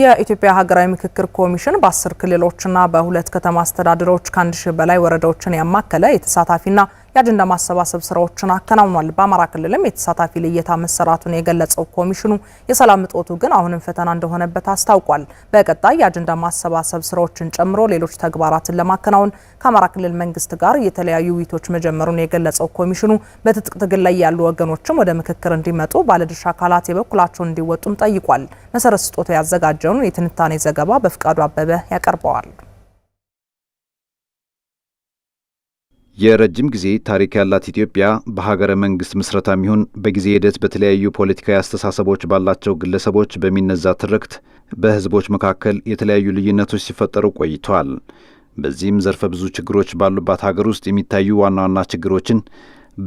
የኢትዮጵያ ሀገራዊ ምክክር ኮሚሽን በአስር ክልሎችና በሁለት ከተማ አስተዳደሮች ከአንድ ሺህ በላይ ወረዳዎችን ያማከለ የተሳታፊና የአጀንዳ ማሰባሰብ ስራዎችን አከናውኗል። በአማራ ክልልም የተሳታፊ ልየታ መሰራቱን የገለጸው ኮሚሽኑ የሰላም እጦቱ ግን አሁንም ፈተና እንደሆነበት አስታውቋል። በቀጣይ የአጀንዳ ማሰባሰብ ስራዎችን ጨምሮ ሌሎች ተግባራትን ለማከናወን ከአማራ ክልል መንግስት ጋር የተለያዩ ውይይቶች መጀመሩን የገለጸው ኮሚሽኑ በትጥቅ ትግል ላይ ያሉ ወገኖችም ወደ ምክክር እንዲመጡ ባለድርሻ አካላት የበኩላቸውን እንዲወጡም ጠይቋል። መሰረት ስጦታ ያዘጋጀውን የትንታኔ ዘገባ በፍቃዱ አበበ ያቀርበዋል። የረጅም ጊዜ ታሪክ ያላት ኢትዮጵያ በሀገረ መንግስት ምስረታ የሚሆን በጊዜ ሂደት በተለያዩ ፖለቲካዊ አስተሳሰቦች ባላቸው ግለሰቦች በሚነዛ ትርክት በህዝቦች መካከል የተለያዩ ልዩነቶች ሲፈጠሩ ቆይተዋል። በዚህም ዘርፈ ብዙ ችግሮች ባሉባት ሀገር ውስጥ የሚታዩ ዋና ዋና ችግሮችን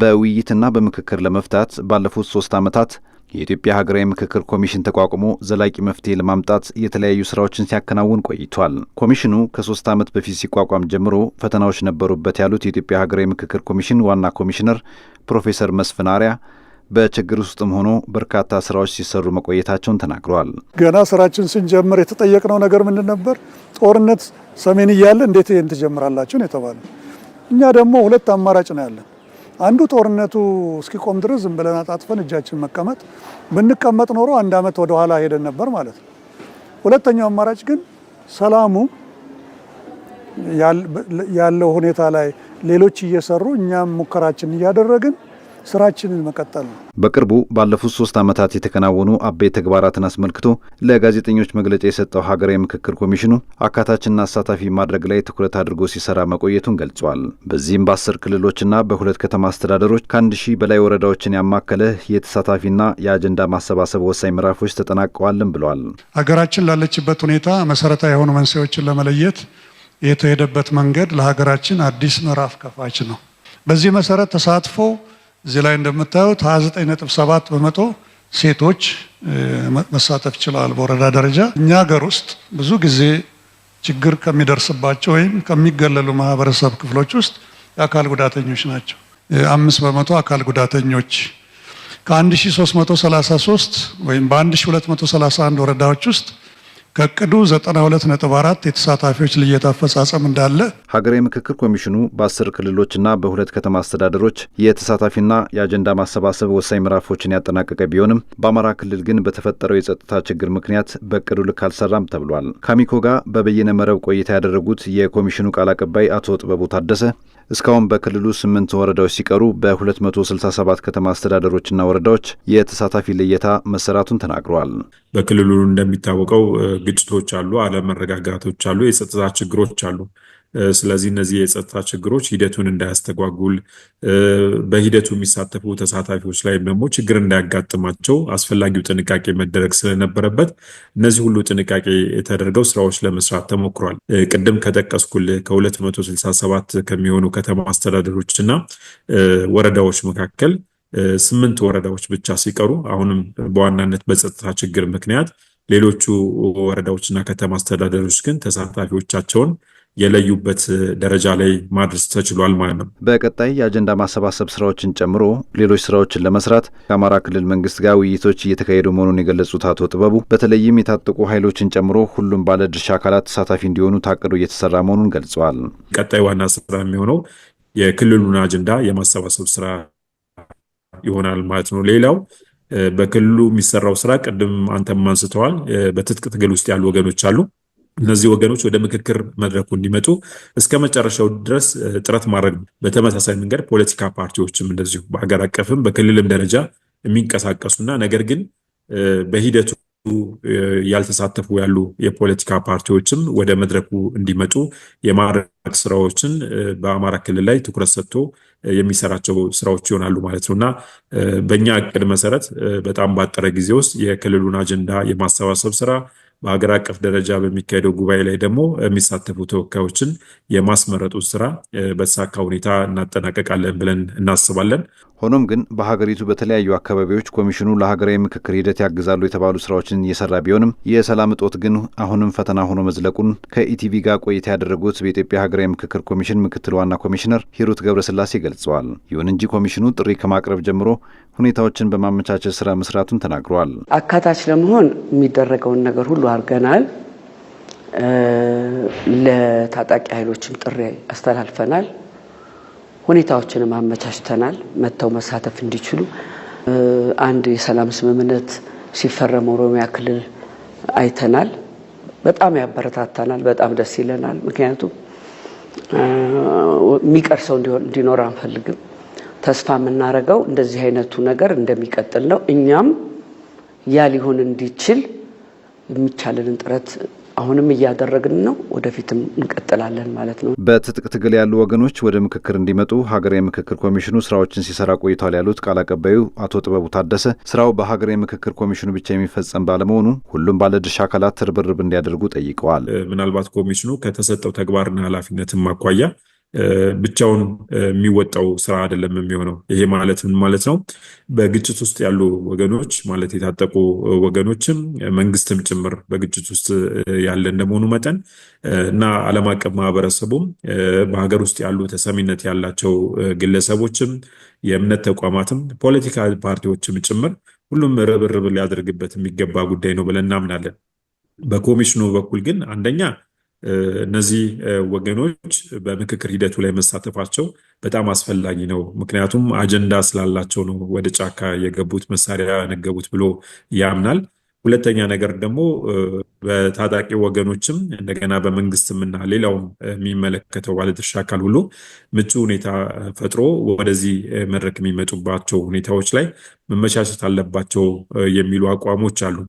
በውይይትና በምክክር ለመፍታት ባለፉት ሶስት ዓመታት የኢትዮጵያ ሀገራዊ ምክክር ኮሚሽን ተቋቁሞ ዘላቂ መፍትሄ ለማምጣት የተለያዩ ስራዎችን ሲያከናውን ቆይቷል። ኮሚሽኑ ከሶስት ዓመት በፊት ሲቋቋም ጀምሮ ፈተናዎች ነበሩበት ያሉት የኢትዮጵያ ሀገራዊ ምክክር ኮሚሽን ዋና ኮሚሽነር ፕሮፌሰር መስፍን አሪያ በችግር ውስጥም ሆኖ በርካታ ስራዎች ሲሰሩ መቆየታቸውን ተናግረዋል። ገና ስራችን ስንጀምር የተጠየቅነው ነገር ምንድን ነበር? ጦርነት ሰሜን እያለ እንዴት ይህን ትጀምራላችሁን የተባለ እኛ ደግሞ ሁለት አማራጭ ነው ያለን አንዱ ጦርነቱ እስኪቆም ድረስ ዝም ብለን አጣጥፈን እጃችን መቀመጥ፣ ብንቀመጥ ኖሮ አንድ ዓመት ወደኋላ ሄደን ነበር ማለት ነው። ሁለተኛው አማራጭ ግን ሰላሙ ያለው ሁኔታ ላይ ሌሎች እየሰሩ እኛም ሙከራችን እያደረግን ስራችንን መቀጠል ነው። በቅርቡ ባለፉት ሶስት ዓመታት የተከናወኑ አበይት ተግባራትን አስመልክቶ ለጋዜጠኞች መግለጫ የሰጠው ሀገራዊ ምክክር ኮሚሽኑ አካታችና አሳታፊ ማድረግ ላይ ትኩረት አድርጎ ሲሰራ መቆየቱን ገልጿል። በዚህም በአስር ክልሎችና በሁለት ከተማ አስተዳደሮች ከአንድ ሺህ በላይ ወረዳዎችን ያማከለ የተሳታፊና የአጀንዳ ማሰባሰብ ወሳኝ ምዕራፎች ተጠናቀዋልን ብለዋል። ሀገራችን ላለችበት ሁኔታ መሰረታዊ የሆኑ መንስኤዎችን ለመለየት የተሄደበት መንገድ ለሀገራችን አዲስ ምዕራፍ ከፋች ነው። በዚህ መሰረት ተሳትፎ እዚህ ላይ እንደምታዩት 29.7 በመቶ ሴቶች መሳተፍ ይችላል። በወረዳ ደረጃ እኛ ሀገር ውስጥ ብዙ ጊዜ ችግር ከሚደርስባቸው ወይም ከሚገለሉ ማህበረሰብ ክፍሎች ውስጥ የአካል ጉዳተኞች ናቸው። አምስት በመቶ አካል ጉዳተኞች ከ1333 ወይም በ1231 ወረዳዎች ውስጥ ከቅዱ 92.4 የተሳታፊዎች ልየት አፈጻጸም እንዳለ ሀገራዊ ምክክር ኮሚሽኑ በአስር ክልሎችና በሁለት ከተማ አስተዳደሮች የተሳታፊና የአጀንዳ ማሰባሰብ ወሳኝ ምዕራፎችን ያጠናቀቀ ቢሆንም በአማራ ክልል ግን በተፈጠረው የጸጥታ ችግር ምክንያት በቅዱ ልክ አልሰራም ተብሏል። ካሚኮ ጋር በበየነ መረብ ቆይታ ያደረጉት የኮሚሽኑ ቃል አቀባይ አቶ ጥበቡ ታደሰ እስካሁን በክልሉ ስምንት ወረዳዎች ሲቀሩ በ267 ከተማ አስተዳደሮችና ወረዳዎች የተሳታፊ ልየታ መሰራቱን ተናግረዋል። በክልሉ እንደሚታወቀው ግጭቶች አሉ፣ አለመረጋጋቶች አሉ፣ የጸጥታ ችግሮች አሉ። ስለዚህ እነዚህ የጸጥታ ችግሮች ሂደቱን እንዳያስተጓጉል በሂደቱ የሚሳተፉ ተሳታፊዎች ላይ ደግሞ ችግር እንዳያጋጥማቸው አስፈላጊው ጥንቃቄ መደረግ ስለነበረበት እነዚህ ሁሉ ጥንቃቄ ተደርገው ስራዎች ለመስራት ተሞክሯል። ቅድም ከጠቀስኩልህ ከ267 ከሚሆኑ ከተማ አስተዳደሮች እና ወረዳዎች መካከል ስምንት ወረዳዎች ብቻ ሲቀሩ አሁንም በዋናነት በጸጥታ ችግር ምክንያት ሌሎቹ ወረዳዎችና ከተማ አስተዳደሮች ግን ተሳታፊዎቻቸውን የለዩበት ደረጃ ላይ ማድረስ ተችሏል ማለት ነው። በቀጣይ የአጀንዳ ማሰባሰብ ስራዎችን ጨምሮ ሌሎች ስራዎችን ለመስራት ከአማራ ክልል መንግስት ጋር ውይይቶች እየተካሄዱ መሆኑን የገለጹት አቶ ጥበቡ በተለይም የታጠቁ ኃይሎችን ጨምሮ ሁሉም ባለድርሻ አካላት ተሳታፊ እንዲሆኑ ታቅዶ እየተሰራ መሆኑን ገልጸዋል። ቀጣይ ዋና ስራ የሚሆነው የክልሉን አጀንዳ የማሰባሰብ ስራ ይሆናል ማለት ነው። ሌላው በክልሉ የሚሰራው ስራ ቅድም አንተም አንስተዋል። በትጥቅ ትግል ውስጥ ያሉ ወገኖች አሉ። እነዚህ ወገኖች ወደ ምክክር መድረኩ እንዲመጡ እስከ መጨረሻው ድረስ ጥረት ማድረግ ነው። በተመሳሳይ መንገድ ፖለቲካ ፓርቲዎችም እንደዚሁ በሀገር አቀፍም በክልልም ደረጃ የሚንቀሳቀሱና ነገር ግን በሂደቱ ያልተሳተፉ ያሉ የፖለቲካ ፓርቲዎችም ወደ መድረኩ እንዲመጡ የማድረግ ስራዎችን በአማራ ክልል ላይ ትኩረት ሰጥቶ የሚሰራቸው ስራዎች ይሆናሉ ማለት ነው እና በእኛ እቅድ መሰረት በጣም ባጠረ ጊዜ ውስጥ የክልሉን አጀንዳ የማሰባሰብ ስራ በሀገር አቀፍ ደረጃ በሚካሄደው ጉባኤ ላይ ደግሞ የሚሳተፉ ተወካዮችን የማስመረጡ ስራ በተሳካ ሁኔታ እናጠናቀቃለን ብለን እናስባለን። ሆኖም ግን በሀገሪቱ በተለያዩ አካባቢዎች ኮሚሽኑ ለሀገራዊ ምክክር ሂደት ያግዛሉ የተባሉ ስራዎችን እየሰራ ቢሆንም የሰላም እጦት ግን አሁንም ፈተና ሆኖ መዝለቁን ከኢቲቪ ጋር ቆይታ ያደረጉት በኢትዮጵያ ሀገራዊ ምክክር ኮሚሽን ምክትል ዋና ኮሚሽነር ሂሩት ገብረስላሴ ገልጸዋል። ይሁን እንጂ ኮሚሽኑ ጥሪ ከማቅረብ ጀምሮ ሁኔታዎችን በማመቻቸት ስራ መስራቱን ተናግረዋል። አካታች ለመሆን የሚደረገውን ነገር ሁሉ አድርገናል። ለታጣቂ ኃይሎችም ጥሪ አስተላልፈናል። ሁኔታዎችንም አመቻችተናል መጥተው መሳተፍ እንዲችሉ። አንድ የሰላም ስምምነት ሲፈረም ኦሮሚያ ክልል አይተናል። በጣም ያበረታታናል። በጣም ደስ ይለናል። ምክንያቱም የሚቀር ሰው እንዲኖር አንፈልግም። ተስፋ የምናደርገው እንደዚህ አይነቱ ነገር እንደሚቀጥል ነው። እኛም ያ ሊሆን እንዲችል የሚቻለንን ጥረት አሁንም እያደረግን ነው። ወደፊትም እንቀጥላለን ማለት ነው። በትጥቅ ትግል ያሉ ወገኖች ወደ ምክክር እንዲመጡ ሀገራዊ ምክክር ኮሚሽኑ ስራዎችን ሲሰራ ቆይቷል ያሉት ቃል አቀባዩ አቶ ጥበቡ ታደሰ ስራው በሀገራዊ ምክክር ኮሚሽኑ ብቻ የሚፈጸም ባለመሆኑ ሁሉም ባለድርሻ አካላት ርብርብ እንዲያደርጉ ጠይቀዋል። ምናልባት ኮሚሽኑ ከተሰጠው ተግባርና ኃላፊነትም አኳያ ብቻውን የሚወጣው ስራ አይደለም የሚሆነው። ይሄ ማለት ምን ማለት ነው? በግጭት ውስጥ ያሉ ወገኖች ማለት የታጠቁ ወገኖችም መንግስትም ጭምር በግጭት ውስጥ ያለ እንደመሆኑ መጠን እና ዓለም አቀፍ ማህበረሰቡም በሀገር ውስጥ ያሉ ተሰሚነት ያላቸው ግለሰቦችም የእምነት ተቋማትም ፖለቲካ ፓርቲዎችም ጭምር ሁሉም ርብርብ ሊያደርግበት የሚገባ ጉዳይ ነው ብለን እናምናለን። በኮሚሽኑ በኩል ግን አንደኛ እነዚህ ወገኖች በምክክር ሂደቱ ላይ መሳተፋቸው በጣም አስፈላጊ ነው። ምክንያቱም አጀንዳ ስላላቸው ነው ወደ ጫካ የገቡት መሳሪያ ያነገቡት ብሎ ያምናል። ሁለተኛ ነገር ደግሞ በታጣቂ ወገኖችም እንደገና በመንግስትም እና ሌላውም የሚመለከተው ባለድርሻ አካል ሁሉ ምቹ ሁኔታ ፈጥሮ ወደዚህ መድረክ የሚመጡባቸው ሁኔታዎች ላይ መመቻቸት አለባቸው የሚሉ አቋሞች አሉ።